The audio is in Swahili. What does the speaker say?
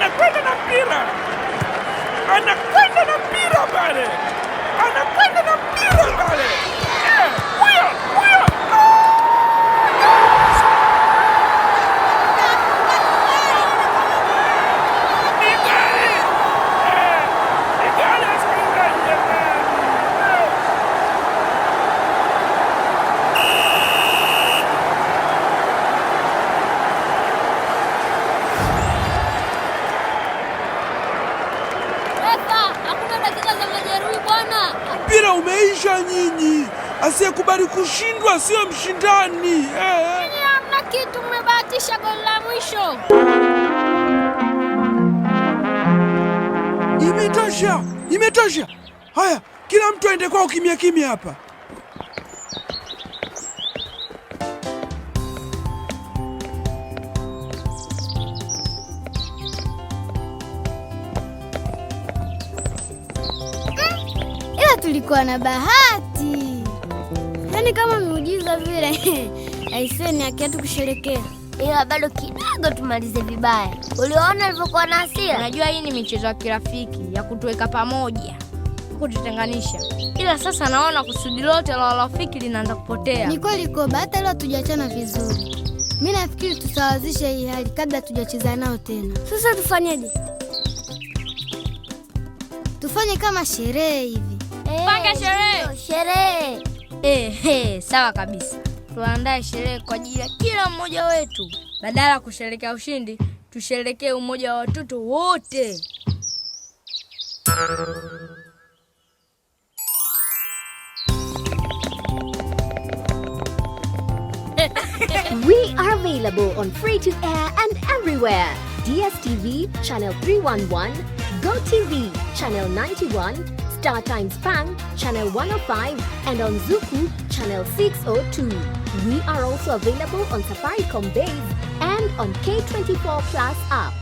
Anak kwenda na mpira, anakwenda na Aisha nyinyi. Asiyekubali kushindwa sio mshindani eh. Hamna kitu, mmebahatisha goli la mwisho. Imetosha, imetosha. Haya, kila mtu aende kwao kimya kimya hapa. tulikuwa na bahati, yaani kama muujiza vile. Aisee, ni haki yetu kusherekea, ila bado kidogo tumalize vibaya. Uliona alivyokuwa na hasira? Najua hii ni michezo ya kirafiki ya kutuweka pamoja, kututenganisha, ila sasa naona kusudi lote la rafiki linaanza kupotea. Ni kweli Koba, hata leo vizuri. Mi nafikiri tusawazishe hii hali kabla tujacheza nao tena. Sasa tufanyeje? Tufanye kama sherehe hivi. Panga eh, sherehe. Sherehe. Eh, eh, sawa kabisa. Tuandae sherehe kwa ajili ya kila mmoja wetu. Badala ya kusherekea ushindi, tusherekee umoja wa watoto wote. We are available on free to air and everywhere. DSTV channel 311, GoTV channel 91, Star Times Bang, Channel 105 and on Zuku, Channel 602. We are also available on Safaricom Base and on K24 Plus app.